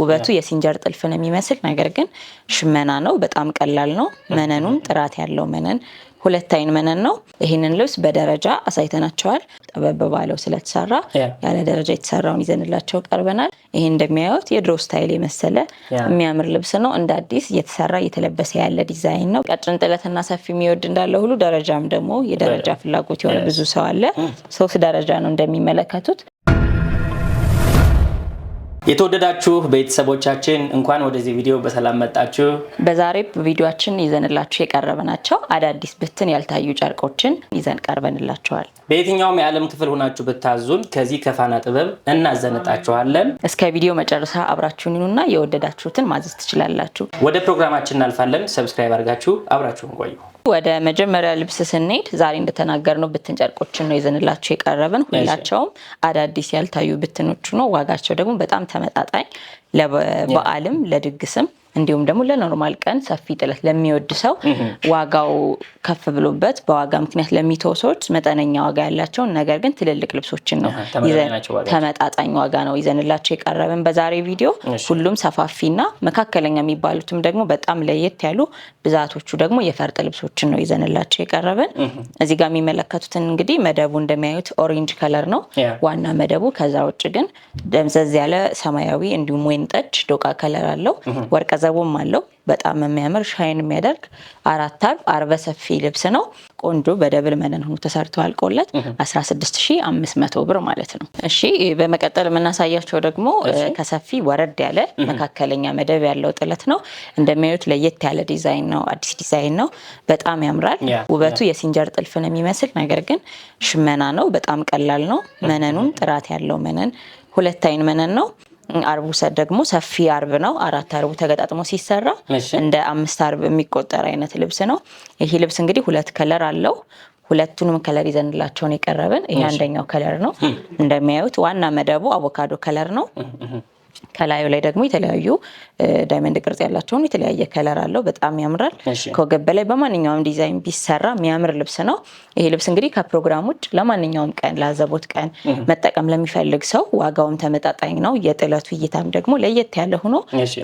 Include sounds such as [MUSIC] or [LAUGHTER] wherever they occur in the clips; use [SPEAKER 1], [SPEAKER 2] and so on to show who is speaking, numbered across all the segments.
[SPEAKER 1] ውበቱ የሲንጀር ጥልፍን የሚመስል ነገር ግን ሽመና ነው። በጣም ቀላል ነው። መነኑም ጥራት ያለው መነን ሁለት አይን መነን ነው። ይህንን ልብስ በደረጃ አሳይተናቸዋል። ጠበብ ባለው ስለተሰራ ያለ ደረጃ የተሰራውን ይዘንላቸው ቀርበናል። ይህ እንደሚያዩት የድሮ ስታይል የመሰለ የሚያምር ልብስ ነው። እንደ አዲስ እየተሰራ እየተለበሰ ያለ ዲዛይን ነው። ቀጭን ጥለትና ሰፊ የሚወድ እንዳለ ሁሉ ደረጃም ደግሞ የደረጃ ፍላጎት የሆነ ብዙ ሰው አለ። ሶስት ደረጃ ነው እንደሚመለከቱት
[SPEAKER 2] የተወደዳችሁ ቤተሰቦቻችን እንኳን ወደዚህ ቪዲዮ በሰላም መጣችሁ።
[SPEAKER 1] በዛሬ ቪዲዮችን ይዘንላችሁ የቀረበ ናቸው አዳዲስ ብትን ያልታዩ ጨርቆችን ይዘን ቀርበንላችኋል።
[SPEAKER 2] በየትኛውም የዓለም ክፍል ሆናችሁ ብታዙን ከዚህ ከፋና ጥበብ እናዘነጣችኋለን።
[SPEAKER 1] እስከ ቪዲዮ መጨረሻ አብራችሁን ይኑና የወደዳችሁትን ማዘዝ ትችላላችሁ።
[SPEAKER 2] ወደ ፕሮግራማችን እናልፋለን። ሰብስክራይብ አድርጋችሁ አብራችሁን ቆዩ።
[SPEAKER 1] ወደ መጀመሪያ ልብስ ስንሄድ ዛሬ ነው ብትን ጨርቆችን ነው ይዘንላቸው የቀረብን። ሁላቸውም አዳዲስ ያልታዩ ብትኖቹ ነው። ዋጋቸው ደግሞ በጣም ተመጣጣኝ ለበዓልም ለድግስም እንዲሁም ደግሞ ለኖርማል ቀን ሰፊ ጥለት ለሚወድ ሰው ዋጋው ከፍ ብሎበት በዋጋ ምክንያት ለሚተው ሰዎች መጠነኛ ዋጋ ያላቸውን ነገር ግን ትልልቅ ልብሶችን ነው ተመጣጣኝ ዋጋ ነው ይዘንላቸው የቀረብን በዛሬ ቪዲዮ። ሁሉም ሰፋፊና መካከለኛ የሚባሉትም ደግሞ በጣም ለየት ያሉ ብዛቶቹ ደግሞ የፈርጥ ልብሶችን ነው ይዘንላቸው የቀረብን። እዚህ ጋር የሚመለከቱትን እንግዲህ መደቡ እንደሚያዩት ኦሬንጅ ከለር ነው ዋና መደቡ። ከዛ ውጭ ግን ደምዘዝ ያለ ሰማያዊ እንዲሁም ወይን ጠጅ ዶቃ ከለር አለው ወርቀ ገንዘቡም አለው። በጣም የሚያምር ሻይን የሚያደርግ አራት አርብ አርበ ሰፊ ልብስ ነው። ቆንጆ በደብል መነን ሆኖ ተሰርቶ አልቆለት 16500 ብር ማለት ነው። እሺ በመቀጠል የምናሳያቸው ደግሞ ከሰፊ ወረድ ያለ መካከለኛ መደብ ያለው ጥለት ነው። እንደሚያዩት ለየት ያለ ዲዛይን ነው። አዲስ ዲዛይን ነው። በጣም ያምራል። ውበቱ የሲንጀር ጥልፍን የሚመስል ነገር ግን ሽመና ነው። በጣም ቀላል ነው። መነኑም ጥራት ያለው መነን ሁለት አይን መነን ነው። አርቡ ሰድ ደግሞ ሰፊ አርብ ነው። አራት አርቡ ተገጣጥሞ ሲሰራ እንደ አምስት አርብ የሚቆጠር አይነት ልብስ ነው። ይህ ልብስ እንግዲህ ሁለት ከለር አለው። ሁለቱንም ከለር ይዘንላቸውን የቀረብን። ይህ አንደኛው ከለር ነው። እንደሚያዩት ዋና መደቡ አቮካዶ ከለር ነው። ከላዩ ላይ ደግሞ የተለያዩ ዳይመንድ ቅርጽ ያላቸውን የተለያየ ከለር አለው። በጣም ያምራል። ከወገብ በላይ በማንኛውም ዲዛይን ቢሰራ የሚያምር ልብስ ነው። ይሄ ልብስ እንግዲህ ከፕሮግራም ውጭ ለማንኛውም ቀን ለአዘቦት ቀን መጠቀም ለሚፈልግ ሰው ዋጋውም ተመጣጣኝ ነው። የጥለቱ እይታም ደግሞ ለየት ያለ ሆኖ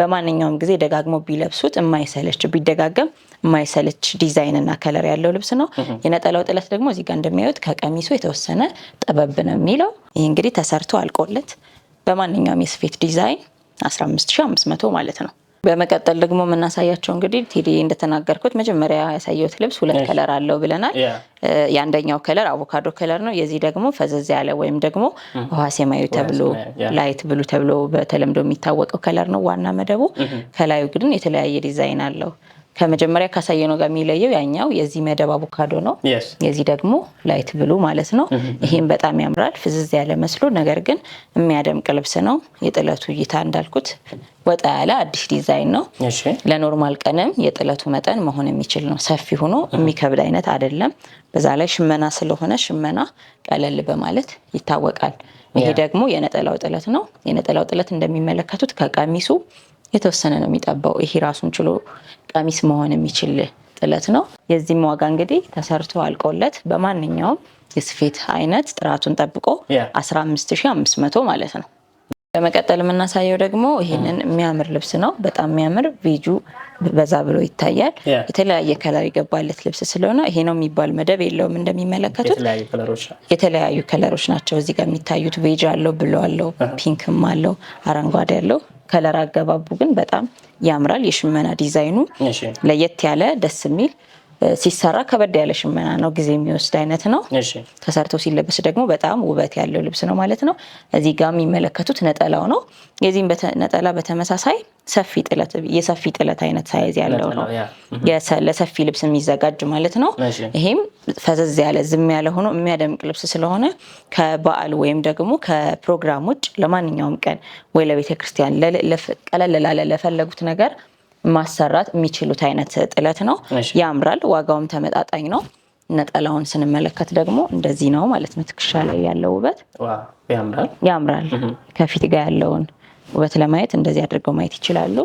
[SPEAKER 1] በማንኛውም ጊዜ ደጋግሞ ቢለብሱት የማይሰለች ቢደጋገም የማይሰለች ዲዛይን እና ከለር ያለው ልብስ ነው። የነጠላው ጥለት ደግሞ እዚጋ እንደሚያዩት ከቀሚሱ የተወሰነ ጠበብ ነው የሚለው ይህ እንግዲህ ተሰርቶ አልቆለት በማንኛውም የስፌት ዲዛይን 15500 ማለት ነው። በመቀጠል ደግሞ የምናሳያቸው እንግዲህ ቴዲ እንደተናገርኩት መጀመሪያ ያሳየሁት ልብስ ሁለት ከለር አለው ብለናል። የአንደኛው ከለር አቮካዶ ከለር ነው። የዚህ ደግሞ ፈዘዝ ያለ ወይም ደግሞ ውሃ ሰማያዊ ተብሎ ላይት ብሉ ተብሎ በተለምዶ የሚታወቀው ከለር ነው ዋና መደቡ። ከላዩ ግን የተለያየ ዲዛይን አለው። ከመጀመሪያ ካሳየነው ጋር የሚለየው ያኛው የዚህ መደብ አቮካዶ ነው። የዚህ ደግሞ ላይት ብሉ ማለት ነው። ይህም በጣም ያምራል ፍዝዝ ያለ መስሎ፣ ነገር ግን የሚያደምቅ ልብስ ነው። የጥለቱ እይታ እንዳልኩት ወጣ ያለ አዲስ ዲዛይን ነው። ለኖርማል ቀንም የጥለቱ መጠን መሆን የሚችል ነው። ሰፊ ሆኖ የሚከብድ አይነት አይደለም። በዛ ላይ ሽመና ስለሆነ ሽመና ቀለል በማለት ይታወቃል። ይሄ ደግሞ የነጠላው ጥለት ነው። የነጠላው ጥለት እንደሚመለከቱት ከቀሚሱ የተወሰነ ነው የሚጠባው። ይሄ ራሱን ችሎ ቀሚስ መሆን የሚችል ጥለት ነው። የዚህም ዋጋ እንግዲህ ተሰርቶ አልቆለት በማንኛውም የስፌት አይነት ጥራቱን ጠብቆ 15500 ማለት ነው። በመቀጠል የምናሳየው ደግሞ ይህንን የሚያምር ልብስ ነው። በጣም የሚያምር ቬጁ በዛ ብሎ ይታያል። የተለያየ ከለር የገባለት ልብስ ስለሆነ ይሄ ነው የሚባል መደብ የለውም። እንደሚመለከቱት የተለያዩ ከለሮች ናቸው እዚህ ጋር የሚታዩት። ቬጅ አለው፣ ብሎ አለው፣ ፒንክም አለው፣ አረንጓዴ አለው። ከለር አገባቡ ግን በጣም ያምራል። የሽመና ዲዛይኑ ለየት ያለ ደስ የሚል ሲሰራ ከበድ ያለ ሽመና ነው፣ ጊዜ የሚወስድ አይነት ነው። ተሰርቶ ሲለበስ ደግሞ በጣም ውበት ያለው ልብስ ነው ማለት ነው። እዚህ ጋር የሚመለከቱት ነጠላው ነው። የዚህም ነጠላ በተመሳሳይ ሰፊ ጥለት የሰፊ ጥለት አይነት ሳይዝ ያለው ነው፣ ለሰፊ ልብስ የሚዘጋጅ ማለት ነው። ይሄም ፈዘዝ ያለ ዝም ያለ ሆኖ የሚያደምቅ ልብስ ስለሆነ ከበዓል ወይም ደግሞ ከፕሮግራም ውጭ ለማንኛውም ቀን ወይ ለቤተክርስቲያን ቀለል ላለ ለፈለጉት ነገር ማሰራት የሚችሉት አይነት ጥለት ነው። ያምራል፣ ዋጋውም ተመጣጣኝ ነው። ነጠላውን ስንመለከት ደግሞ እንደዚህ ነው ማለት ነው። ትከሻ ላይ ያለው ውበት ያምራል። ከፊት ጋር ያለውን ውበት ለማየት እንደዚህ አድርገው ማየት ይችላሉ።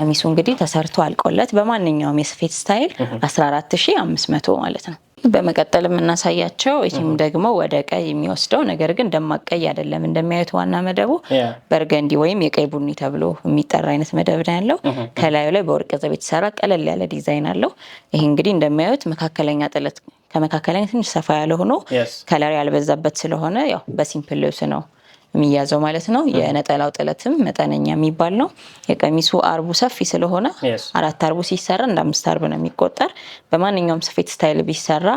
[SPEAKER 1] ቀሚሱ እንግዲህ ተሰርቶ አልቆለት በማንኛውም የስፌት ስታይል 14500 ማለት ነው። በመቀጠል የምናሳያቸው ይህም ደግሞ ወደ ቀይ የሚወስደው ነገር ግን ደማቅ ቀይ አይደለም። እንደሚያዩት ዋና መደቡ በርገንዲ ወይም የቀይ ቡኒ ተብሎ የሚጠራ አይነት መደብ ነው ያለው። ከላዩ ላይ በወርቅ ዘብ የተሰራ ቀለል ያለ ዲዛይን አለው። ይህ እንግዲህ እንደሚያዩት መካከለኛ ጥለት ከመካከለኛ ትንሽ ሰፋ ያለ ሆኖ ከለር ያልበዛበት ስለሆነ ያው በሲምፕል ልብስ ነው የሚያዘው ማለት ነው። የነጠላው ጥለትም መጠነኛ የሚባል ነው። የቀሚሱ አርቡ ሰፊ ስለሆነ አራት አርቡ ሲሰራ እንደ አምስት አርብ ነው የሚቆጠር። በማንኛውም ስፌት ስታይል ቢሰራ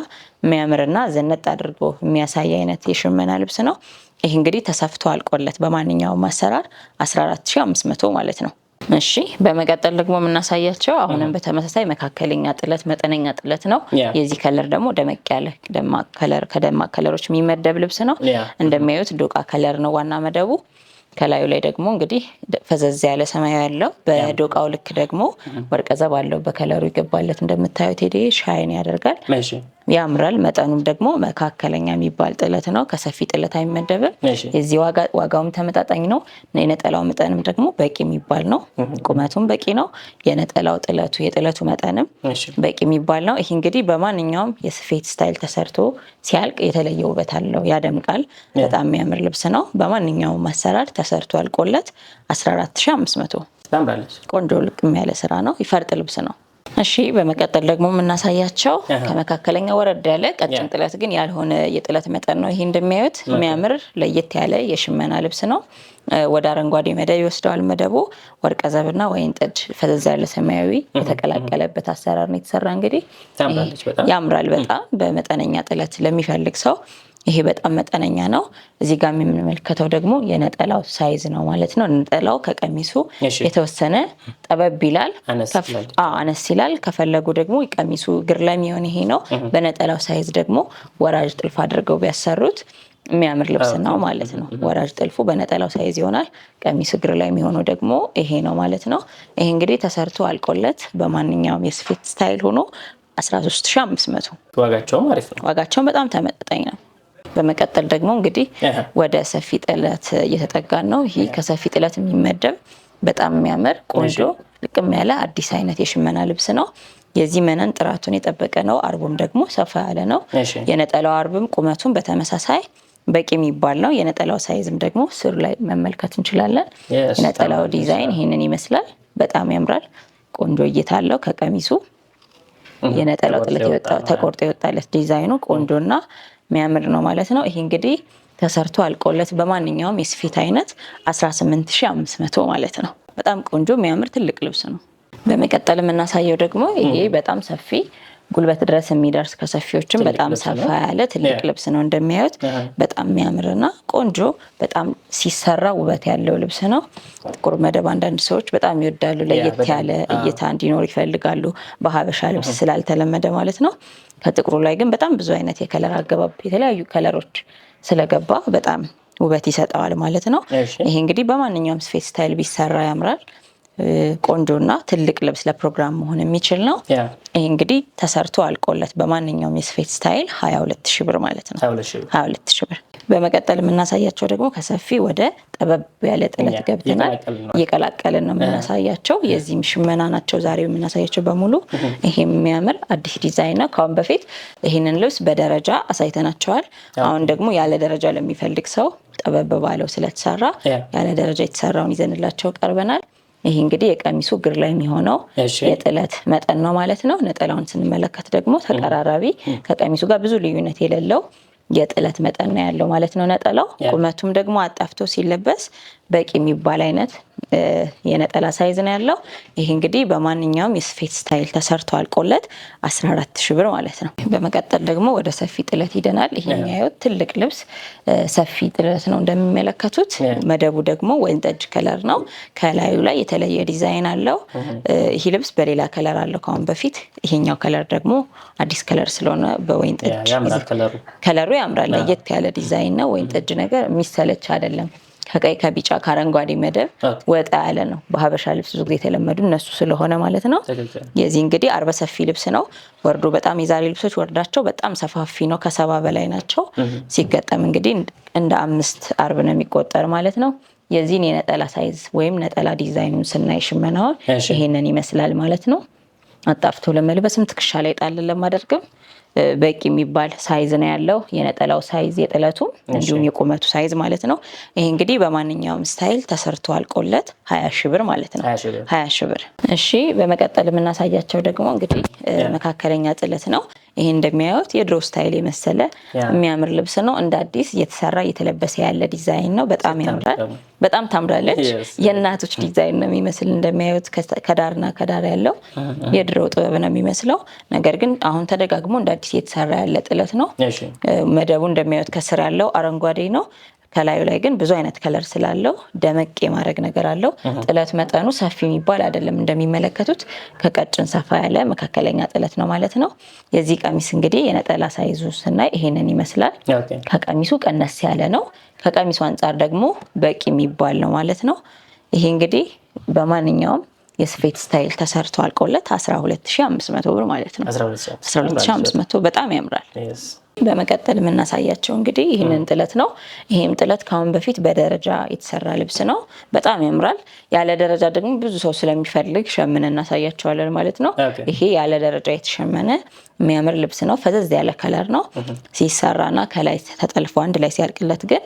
[SPEAKER 1] የሚያምርና ዘነጥ አድርጎ የሚያሳይ አይነት የሽመና ልብስ ነው። ይህ እንግዲህ ተሰፍቶ አልቆለት በማንኛውም አሰራር 14500 ማለት ነው። እሺ በመቀጠል ደግሞ የምናሳያቸው አሁንም በተመሳሳይ መካከለኛ ጥለት መጠነኛ ጥለት ነው። የዚህ ከለር ደግሞ ደመቅ ያለ ደማቅ ከለር ከደማቅ ከለሮች የሚመደብ ልብስ ነው። እንደሚያዩት ዶቃ ከለር ነው ዋና መደቡ። ከላዩ ላይ ደግሞ እንግዲህ ፈዘዝ ያለ ሰማያዊ ያለው በዶቃው ልክ ደግሞ ወርቀዘብ አለው በከለሩ ይገባለት። እንደምታዩት ሄዴ ሻይን ያደርጋል። ያምራል። መጠኑም ደግሞ መካከለኛ የሚባል ጥለት ነው። ከሰፊ ጥለት አይመደብም። የዚህ ዋጋውም ተመጣጣኝ ነው። የነጠላው መጠንም ደግሞ በቂ የሚባል ነው። ቁመቱም በቂ ነው። የነጠላው ጥለቱ የጥለቱ መጠንም በቂ የሚባል ነው። ይህ እንግዲህ በማንኛውም የስፌት ስታይል ተሰርቶ ሲያልቅ የተለየ ውበት አለው፣ ያደምቃል። በጣም የሚያምር ልብስ ነው። በማንኛውም አሰራር ተሰርቶ አልቆለት 14500 ቆንጆ ልቅም ያለ ስራ ነው። ይፈርጥ ልብስ ነው። እሺ በመቀጠል ደግሞ የምናሳያቸው ከመካከለኛ ወረድ ያለ ቀጭን ጥለት ግን ያልሆነ የጥለት መጠን ነው። ይሄ እንደሚያዩት የሚያምር ለየት ያለ የሽመና ልብስ ነው። ወደ አረንጓዴ መደብ ይወስደዋል። መደቡ ወርቀ ዘብና ወይን ጠጅ ፈዘዝ ያለ ሰማያዊ የተቀላቀለበት አሰራር ነው የተሰራ። እንግዲህ ያምራል በጣም በመጠነኛ ጥለት ለሚፈልግ ሰው ይሄ በጣም መጠነኛ ነው። እዚህ ጋር የምንመለከተው ደግሞ የነጠላው ሳይዝ ነው ማለት ነው። ነጠላው ከቀሚሱ የተወሰነ ጠበብ ይላል፣ አነስ ይላል። ከፈለጉ ደግሞ ቀሚሱ እግር ላይ የሚሆን ይሄ ነው። በነጠላው ሳይዝ ደግሞ ወራጅ ጥልፍ አድርገው ቢያሰሩት የሚያምር ልብስ ነው ማለት ነው። ወራጅ ጥልፉ በነጠላው ሳይዝ ይሆናል። ቀሚስ እግር ላይ የሚሆነው ደግሞ ይሄ ነው ማለት ነው። ይሄ እንግዲህ ተሰርቶ አልቆለት በማንኛውም የስፌት ስታይል ሆኖ 13500
[SPEAKER 2] ዋጋቸውም አሪፍ ነው።
[SPEAKER 1] ዋጋቸውም በጣም ተመጣጣኝ ነው። በመቀጠል ደግሞ እንግዲህ ወደ ሰፊ ጥለት እየተጠጋን ነው። ይህ ከሰፊ ጥለት የሚመደብ በጣም የሚያምር ቆንጆ ልቅም ያለ አዲስ አይነት የሽመና ልብስ ነው። የዚህ መነን ጥራቱን የጠበቀ ነው። አርቡም ደግሞ ሰፋ ያለ ነው። የነጠላው አርብም ቁመቱን በተመሳሳይ በቂ የሚባል ነው። የነጠላው ሳይዝም ደግሞ ስሩ ላይ መመልከት እንችላለን። የነጠላው ዲዛይን ይህንን ይመስላል። በጣም ያምራል። ቆንጆ እይታ አለው ከቀሚሱ የነጠላው ጥለት ተቆርጦ የወጣለት ዲዛይኑ ቆንጆና የሚያምር ነው ማለት ነው። ይሄ እንግዲህ ተሰርቶ አልቆለት በማንኛውም የስፌት አይነት 18500 ማለት ነው። በጣም ቆንጆ የሚያምር ትልቅ ልብስ ነው። በመቀጠል የምናሳየው ደግሞ ይሄ በጣም ሰፊ ጉልበት ድረስ የሚደርስ ከሰፊዎችም በጣም ሰፋ ያለ ትልቅ ልብስ ነው እንደሚያዩት። በጣም የሚያምርና ቆንጆ በጣም ሲሰራ ውበት ያለው ልብስ ነው። ጥቁር መደብ አንዳንድ ሰዎች በጣም ይወዳሉ። ለየት ያለ እይታ እንዲኖር ይፈልጋሉ። በሀበሻ ልብስ ስላልተለመደ ማለት ነው። ከጥቁሩ ላይ ግን በጣም ብዙ አይነት የከለር አገባብ የተለያዩ ከለሮች ስለገባ በጣም ውበት ይሰጠዋል ማለት ነው። ይሄ እንግዲህ በማንኛውም ስፌት ስታይል ቢሰራ ያምራል። ቆንጆና ትልቅ ልብስ ለፕሮግራም መሆን የሚችል ነው። ይህ እንግዲህ ተሰርቶ አልቆለት በማንኛውም የስፌት ስታይል 22 ሺህ ብር ማለት ነው።
[SPEAKER 2] 22
[SPEAKER 1] ብር። በመቀጠል የምናሳያቸው ደግሞ ከሰፊ ወደ ጠበብ ያለ ጥለት ገብተናል። እየቀላቀልን ነው የምናሳያቸው። የዚህም ሽመና ናቸው ዛሬ የምናሳያቸው በሙሉ። ይሄ የሚያምር አዲስ ዲዛይን ነው። ከአሁን በፊት ይህንን ልብስ በደረጃ አሳይተናቸዋል። አሁን ደግሞ ያለ ደረጃ ለሚፈልግ ሰው ጠበብ ባለው ስለተሰራ ያለ ደረጃ የተሰራውን ይዘንላቸው ቀርበናል። ይሄ እንግዲህ የቀሚሱ እግር ላይ የሚሆነው የጥለት መጠን ነው ማለት ነው። ነጠላውን ስንመለከት ደግሞ ተቀራራቢ ከቀሚሱ ጋር ብዙ ልዩነት የሌለው የጥለት መጠን ነው ያለው ማለት ነው። ነጠላው ቁመቱም ደግሞ አጣፍቶ ሲለበስ በቂ የሚባል አይነት የነጠላ ሳይዝ ነው ያለው። ይሄ እንግዲህ በማንኛውም የስፌት ስታይል ተሰርቶ አልቆለት 14 ሺ ብር ማለት ነው። በመቀጠል ደግሞ ወደ ሰፊ ጥለት ሂደናል። የሚያዩት ትልቅ ልብስ ሰፊ ጥለት ነው እንደሚመለከቱት። መደቡ ደግሞ ወይን ጠጅ ከለር ነው። ከላዩ ላይ የተለየ ዲዛይን አለው። ይህ ልብስ በሌላ ከለር አለው ከአሁን በፊት። ይሄኛው ከለር ደግሞ አዲስ ከለር ስለሆነ በወይን ጠጅ ከለሩ ያምራል። ለየት ያለ ዲዛይን ነው። ወይን ጠጅ ነገር የሚሰለች አይደለም። ከቀይ ከቢጫ ከአረንጓዴ መደብ ወጣ ያለ ነው። በሀበሻ ልብስ ብዙ ጊዜ የተለመዱ እነሱ ስለሆነ ማለት ነው። የዚህ እንግዲህ አርበ ሰፊ ልብስ ነው ወርዶ በጣም የዛሬ ልብሶች ወርዳቸው በጣም ሰፋፊ ነው፣ ከሰባ በላይ ናቸው። ሲገጠም እንግዲህ እንደ አምስት አርብ ነው የሚቆጠር ማለት ነው። የዚህን የነጠላ ሳይዝ ወይም ነጠላ ዲዛይኑን ስናይ ሽመናውን ይሄንን ይመስላል ማለት ነው። አጣፍቶ ለመልበስም ትከሻ ላይ ጣልን ለማደርግም በቂ የሚባል ሳይዝ ነው ያለው። የነጠላው ሳይዝ፣ የጥለቱ እንዲሁም የቁመቱ ሳይዝ ማለት ነው። ይህ እንግዲህ በማንኛውም ስታይል ተሰርቶ አልቆለት ሀያ ሺ ብር ማለት ነው። ሀያ ሺ ብር። እሺ፣ በመቀጠል የምናሳያቸው ደግሞ እንግዲህ መካከለኛ ጥለት ነው። ይሄ እንደሚያዩት የድሮ ስታይል የመሰለ የሚያምር ልብስ ነው። እንደ አዲስ እየተሰራ እየተለበሰ ያለ ዲዛይን ነው። በጣም ያምራል። በጣም ታምራለች። የእናቶች ዲዛይን ነው የሚመስል እንደሚያዩት ከዳርና ከዳር ያለው የድሮ ጥበብ ነው የሚመስለው። ነገር ግን አሁን ተደጋግሞ እንደ አዲስ የተሰራ ያለ ጥለት ነው። መደቡ እንደሚያዩት ከስር ያለው አረንጓዴ ነው። ከላዩ ላይ ግን ብዙ አይነት ከለር ስላለው ደመቅ የማድረግ ነገር አለው። ጥለት መጠኑ ሰፊ የሚባል አይደለም። እንደሚመለከቱት ከቀጭን ሰፋ ያለ መካከለኛ ጥለት ነው ማለት ነው። የዚህ ቀሚስ እንግዲህ የነጠላ ሳይዙ ስናይ ይሄንን ይመስላል። ከቀሚሱ ቀነስ ያለ ነው። ከቀሚሱ አንጻር ደግሞ በቂ የሚባል ነው ማለት ነው። ይሄ እንግዲህ በማንኛውም የስፌት ስታይል ተሰርቶ አልቆለት 12500 ብር ማለት ነው። በጣም ያምራል። በመቀጠል የምናሳያቸው እንግዲህ ይህንን ጥለት ነው። ይህም ጥለት ከአሁን በፊት በደረጃ የተሰራ ልብስ ነው። በጣም ያምራል። ያለ ደረጃ ደግሞ ብዙ ሰው ስለሚፈልግ ሸምነ እናሳያቸዋለን ማለት ነው። ይሄ ያለ ደረጃ የተሸመነ የሚያምር ልብስ ነው። ፈዘዝ ያለ ከለር ነው። ሲሰራና ከላይ ተጠልፎ አንድ ላይ ሲያልቅለት ግን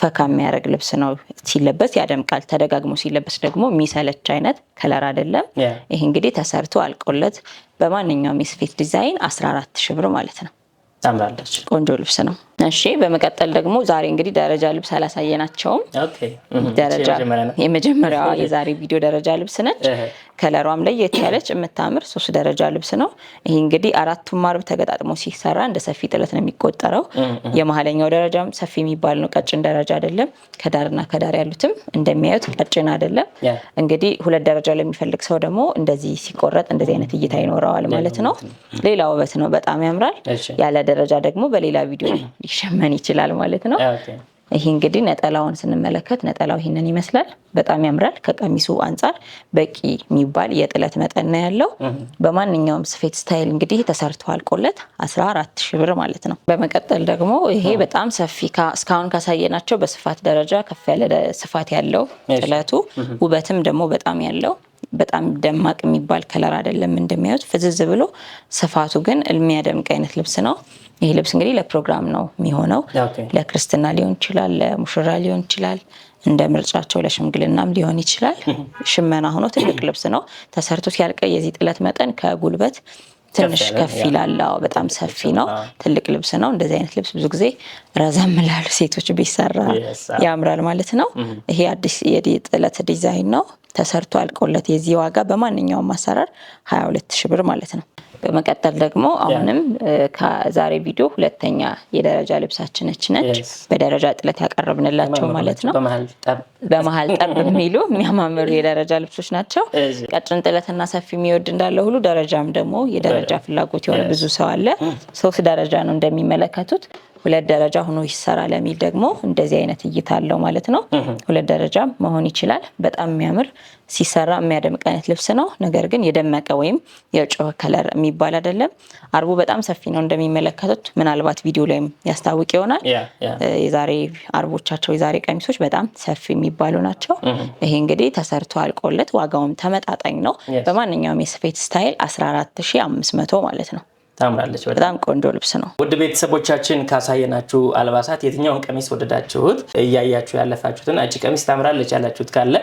[SPEAKER 1] ፈካ የሚያደርግ ልብስ ነው። ሲለበስ ያደምቃል። ተደጋግሞ ሲለበስ ደግሞ የሚሰለች አይነት ከለር አይደለም። ይህ እንግዲህ ተሰርቶ አልቆለት በማንኛውም የስፌት ዲዛይን 14 ሺ ብር ማለት ነው። ታምራለች። ቆንጆ ልብስ ነው። እሺ በመቀጠል ደግሞ ዛሬ እንግዲህ ደረጃ ልብስ አላሳየናቸውም። ደረጃ የመጀመሪያዋ የዛሬ ቪዲዮ ደረጃ ልብስ ነች። ከለሯም ላይ ያለች የምታምር ሶስት ደረጃ ልብስ ነው። ይሄ እንግዲህ አራቱም ማርብ ተገጣጥሞ ሲሰራ እንደ ሰፊ ጥለት ነው የሚቆጠረው። የመሀለኛው ደረጃም ሰፊ የሚባል ነው፣ ቀጭን ደረጃ አይደለም። ከዳርና ከዳር ያሉትም እንደሚያዩት ቀጭን አይደለም። እንግዲህ ሁለት ደረጃ ለሚፈልግ ሰው ደግሞ እንደዚህ ሲቆረጥ እንደዚህ አይነት እይታ ይኖረዋል ማለት ነው። ሌላ ውበት ነው፣ በጣም ያምራል። ያለ ደረጃ ደግሞ በሌላ ቪዲዮ ሊሸመን ይችላል ማለት ነው። ይሄ እንግዲህ ነጠላውን ስንመለከት ነጠላው ይህንን ይመስላል። በጣም ያምራል። ከቀሚሱ አንጻር በቂ የሚባል የጥለት መጠን ነው ያለው። በማንኛውም ስፌት ስታይል እንግዲህ ተሰርቶ አልቆለት 14 ሺ ብር ማለት ነው። በመቀጠል ደግሞ ይሄ በጣም ሰፊ እስካሁን ካሳየናቸው በስፋት ደረጃ ከፍ ያለ ስፋት ያለው ጥለቱ ውበትም ደግሞ በጣም ያለው በጣም ደማቅ የሚባል ከለር አይደለም እንደሚያዩት ፍዝዝ ብሎ፣ ስፋቱ ግን የሚያደምቅ አይነት ልብስ ነው። ይህ ልብስ እንግዲህ ለፕሮግራም ነው የሚሆነው። ለክርስትና ሊሆን ይችላል፣ ለሙሽራ ሊሆን ይችላል፣ እንደ ምርጫቸው ለሽምግልናም ሊሆን ይችላል። [LAUGHS] ሽመና ሆኖ ትልቅ ልብስ ነው ተሰርቶት ያልቀ። የዚህ ጥለት መጠን ከጉልበት ትንሽ ከፍ ይላል። በጣም ሰፊ ነው፣ ትልቅ ልብስ ነው። እንደዚህ አይነት ልብስ ብዙ ጊዜ ረዘም ላሉ ሴቶች ቢሰራ ያምራል ማለት ነው። ይሄ አዲስ የጥለት ዲዛይን ነው። ተሰርቶ አልቆለት የዚህ ዋጋ በማንኛውም አሰራር 22 ብር ማለት ነው። በመቀጠል ደግሞ አሁንም ከዛሬ ቪዲዮ ሁለተኛ የደረጃ ልብሳችን ነች ነች በደረጃ ጥለት ያቀረብንላቸው ማለት ነው። በመሀል ጠብ የሚሉ የሚያማምሩ የደረጃ ልብሶች ናቸው። ቀጭን ጥለትና ሰፊ የሚወድ እንዳለ ሁሉ ደረጃም ደግሞ የደረጃ ፍላጎት የሆነ ብዙ ሰው አለ። ሶስት ደረጃ ነው እንደሚመለከቱት ሁለት ደረጃ ሆኖ ይሰራ ለሚል ደግሞ እንደዚህ አይነት እይታ አለው ማለት ነው። ሁለት ደረጃ መሆን ይችላል። በጣም የሚያምር ሲሰራ የሚያደምቅ አይነት ልብስ ነው። ነገር ግን የደመቀ ወይም የጮህ ከለር የሚባል አይደለም። አርቡ በጣም ሰፊ ነው እንደሚመለከቱት፣ ምናልባት ቪዲዮ ላይም ያስታውቅ ይሆናል። የዛሬ አርቦቻቸው የዛሬ ቀሚሶች በጣም ሰፊ የሚባሉ ናቸው። ይሄ እንግዲህ ተሰርቶ አልቆለት ዋጋውም ተመጣጣኝ ነው። በማንኛውም የስፌት ስታይል 14500 ማለት ነው። ታምራለች። በጣም ቆንጆ ልብስ ነው።
[SPEAKER 2] ውድ ቤተሰቦቻችን ካሳየናችሁ አልባሳት የትኛውን ቀሚስ ወደዳችሁት? እያያችሁ ያለፋችሁትን አጭ ቀሚስ ታምራለች ያላችሁት ካለ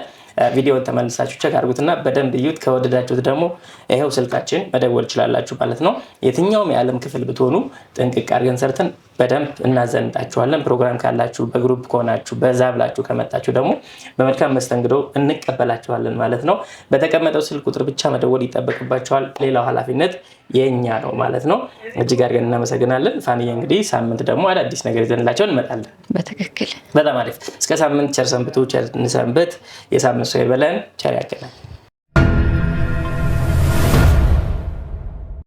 [SPEAKER 2] ቪዲዮን ተመልሳችሁ ቸክ አድርጉትና በደንብ እዩት። ከወደዳችሁት ደግሞ ይኸው ስልካችን መደወል ትችላላችሁ ማለት ነው። የትኛውም የዓለም ክፍል ብትሆኑ ጥንቅቅ አድርገን ሰርተን በደንብ እናዘንጣችኋለን። ፕሮግራም ካላችሁ በግሩፕ ከሆናችሁ በዛ ብላችሁ ከመጣችሁ ደግሞ በመልካም መስተንግዶ እንቀበላችኋለን ማለት ነው። በተቀመጠው ስልክ ቁጥር ብቻ መደወል ይጠበቅባችኋል። ሌላው ኃላፊነት የእኛ ነው ማለት ነው። እጅግ አድርገን እናመሰግናለን። ፋንዬ እንግዲህ ሳምንት ደግሞ አዳዲስ ነገር ይዘንላቸው እንመጣለን። በትክክል በጣም አሪፍ። እስከ ሳምንት ቸር ሰንብቱ፣ ቸር እንሰንብት። የሳምንት ሰው ይበለን። ቸር ያገናኝ